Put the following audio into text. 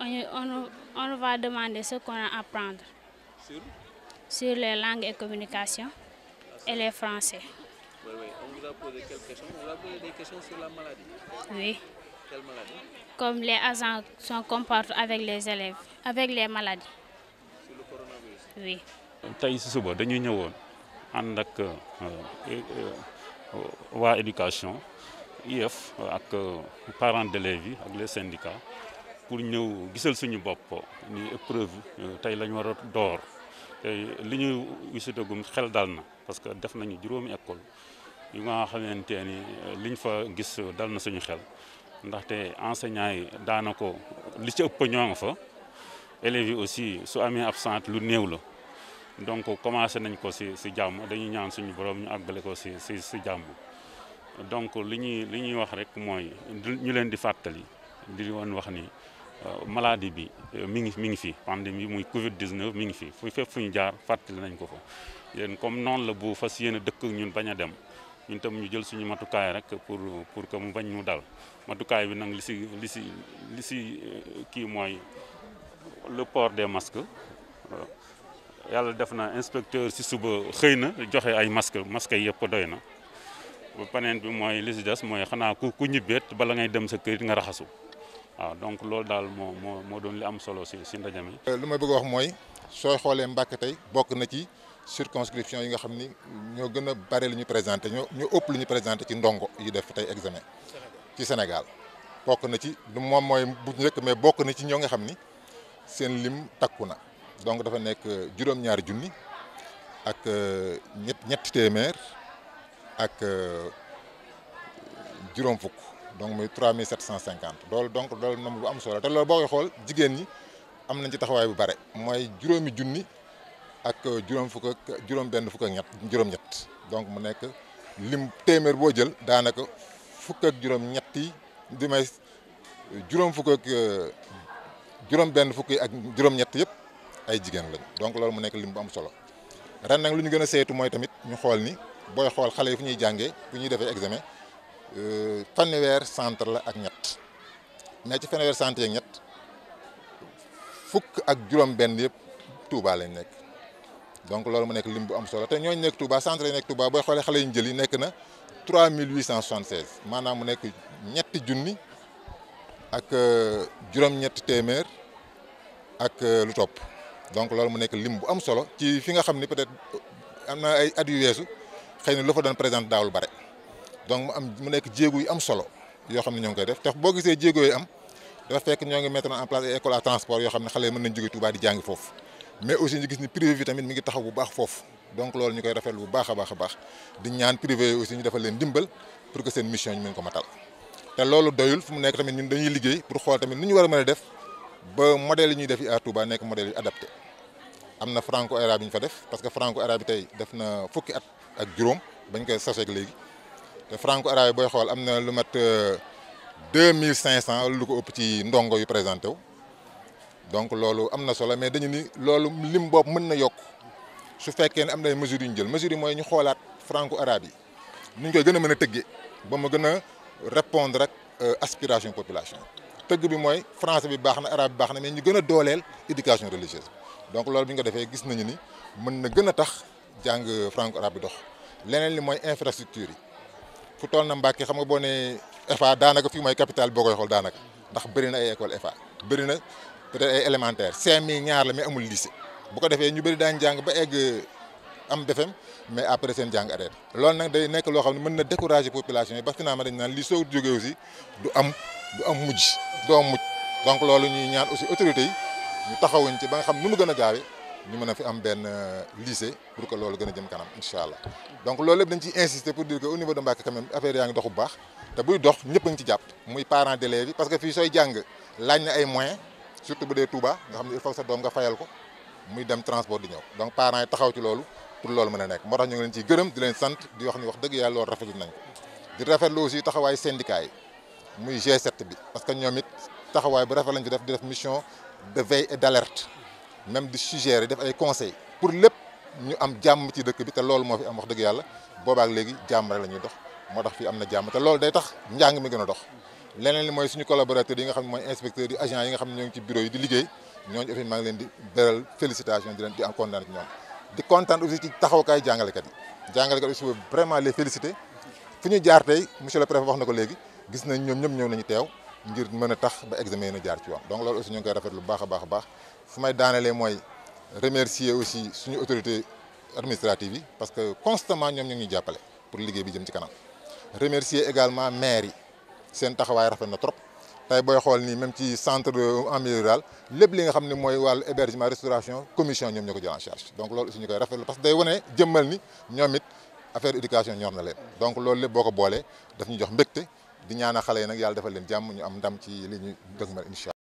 on, on, va demander ce qu'on à apprendre sur, les langues et communications et les français. Oui, oui. On vous a Comme les agents sont comportent avec les élèves, avec les maladies. Sur le coronavirus Oui. tey si ak euh, euh, waa éducation IEF ak euh, parents d'élèves yi ak les syndicats pour ñëw gisal suñu bopp ni épreuve euh, tey la ñu war a door te li ñu wisitagum xel dal na parce que def nañu juróomi école ñu nga xamante ni euh, liñ fa gis euh, dal na suñu xel ndaxte enseignant yi daana ko li ci ëpp ñoo fa élèves aussi su amee absent lu néew la donc commencé nañ ko si si jàmm dañuy ñaan suñu borom ñu àggale ko si si si jàmm donc li ñuy li ñuy wax rek mooy ñu leen di fàttali di woon wax ni Euh, maladie bi euh, mi ngi mi ngi fi pandémie muy Covid 19 mi ngi fi fu fépp fu jaar fàttali nañ ko fa yéen comme noonu la bu fas yéene dëkk ñun bañ a dem ñun tam ñu jël suñu matukaay rek pour pour que mu bañ mu dal matukaay bi nag li si li si li si euh, kii mooy le port des masques yàlla def na inspecteur si suba xëy na joxe ay masques masques yëpp doy na ba paneen bi mooy li si des mooy xanaa ku ku ñibbeet bala ngay dem sa kër nga raxasu. waaw ah, donc loolu daal moo moo moo doon li am solo si si ndaje mi. Euh, lu ma bëgg wax mooy sooy xoolee Mbàkke tey bokk na ci circonscription yi nga xam ni ñoo gën a bare lu ñu présenté ñoo ñoo ëpp lu ñu présenté ci ndongo yi def tey examen ci Sénégal bokk na ci du moom mooy bu njëkk mais bokk na ci ñoo nga xam ni seen lim takku na donc dafa nekk euh, juróom-ñaari junni ak euh, ñett ñetti téeméer ak juróom fukk. donc muy 3750 loolu donc loolu nombre bu am solo te loolu boo xool jigéen ñi am nañ ci taxawaay bu bare mooy juróomi junni ak euh, juróom fukk ak fukk ñett juróom donc mu nekk lim téeméer boo jël daanaka fukk ak juróom-ñett yi di may juróom fukk ak euh, juróom benn fukki ak juróom-ñett yëpp ay jigéen lañ donc loolu mu nekk lim bu am solo ren nag lu ñu gën a saytu mooy tamit ñu xool ni booy xool xale yi fu ñuy jàngee fu ñuy defee examen. Euh, fanweer centre la ak ñett mais ci fanweer centre yi ñett fukk ak juróom-benn yëpp Touba lañ nekk donc loolu mu nekk lim bu am solo te ñooñu nekk Touba centre yi nekk Touba booy xoolee xale yu ñu jël yi nekk na 3876 maanaam mu nekk ñetti junni ak euh, juróom-ñetti téeméer ak euh, lu topp donc loolu mu nekk lim bu am solo ci fi nga xam ni peut-être am na ay at yu weesu xëy na lu fa doon présente daawul bare. donc mu am mu nekk jéego yu am solo yoo xam ne ñoo ngi koy def te boo gisee jéego yi am dafa fekk ñoo ngi mettre en place ay école à transport yoo xam ne xale yi mën nañ jóge Touba ni privé bi tamit mi ngi bu baax foofu donc loolu ñu koy rafetlu bu baax a a baax di ñaan privé yi defal leen dimbal pour que seen mission ñu ko matal te loolu doyul fu mu nekk tamit ñun dañuy liggéey pour xool tamit ñu a mën a def ba def yi à Touba nekk modèle yu adapté am na franco arabe yi ñu fa def parce que franco arabe yi tey def na fukki at ak juróom bañ koy sasek léegi te franco arabe booy xool am na lu mat euh, deux mille cinq cent lu ko ëpp ci ndongo yu présenté wu donc loolu am na solo mais dañu ni loolu lim boobu mën na yokk su fekkee ne am na ay mesures yu ñu jël mesures yi mooy ñu xoolaat franco arabe yi ni ñu koy gën a mën a tëggee ba mu gën a répondre ak euh, aspiration population tëgg bi mooy france bi baax na arabe bi baax na mais ñu gën a dooleel éducation religieuse donc loolu bi nga defee gis nañu ni mën na gën a tax jàng franco arabe bi dox leneen li mooy infrastructure yi fu toll na Mbàkke xam nga boo ne EFA daanaka fii mooy capital boo koy xool daanaka ndax bëri na ay école EFA bëri na peut-être ay élémentaire CMI ñaar la mais amul lycée bu ko defee ñu bëri daan jàng ba egg am defem mais après seen jàng arrêté loolu nag day nekk loo xam ne mën na décourager population yi parce que naa ma dañ naan li soo jógee aussi du am du am mujj doo mujj donc loolu ñuy ñaan aussi autorité yi ñu taxawuñ ci ba nga xam nu mu gën a gaawee ñu mën a fi am benn euh, lycée pour que loolu gën a jëm kanam incha allah donc loolu lépp dañ ciy insister pour dire que au niveau de Mbacké quand même affaire yaa ngi dox bu baax te buy dox ñëpp a ngi ci jàpp muy parents d'élèves parce que fii sooy jàng laaj na ay moyens surtout bu dee Touba nga xam ne il faut que sa doom nga fayal ko muy dem transport di ñëw donc parents yi taxaw ci loolu pour loolu mën a nekk moo tax ñu ngi leen ciy gërëm di leen sant di wax ni wax dëgg muy G7 bi parce que ñoom it taxawaay bu rafet lañ ci def di def mission de même di suggérer def ay conseil pour lépp ñu am jàmm ci dëkk bi te loolu moo fi am wax dëgg yàlla boobaak léegi jàmm rek la ñuy dox moo tax fii am na jàmm te loolu day tax njàng mi gën a dox leneen li mooy suñu collaborateurs yi nga xam ne mooy inspecteurs yi agents yi nga xam ne ñoo ngi ci bureau yi di liggéey ñooñu aussi maa ngi leen di beral félicitation di leen di am kontaan ci ñoom di kontaan aussi ci taxawkaay jàngalekat yi jàngalekat aussi vraiment les féliciter fu ñu jaar tey monsieur le préfet wax na ko léegi gis nañ ñoom ñëpp ñëw nañu teew ngir mën a tax ba examen yi jaar ci yoon donc loolu aussi ñu ngi koy rafetlu bu a a baax mooy remercier aussi suñu autorité administrative yi parce que constamment ñoom ñu ngi jàppale pour liggéey bi jëm ci kanam remercier également maire yi seen taxawaay rafet na trop tey booy xool nii même ci centre en milieu rural li nga xam ne mooy wàllu hébergement restauration commission ñoom ñoo ko jël en charge donc loolu aussi ñu koy rafetlu ni ñoom it affaire éducation ñor na leen donc loolu lépp boo ko boolee daf ñu jox mbégte di ñaana xale yi nag yàlla defal leen jàmm ñu am ndam ci li ñu dëgmal incha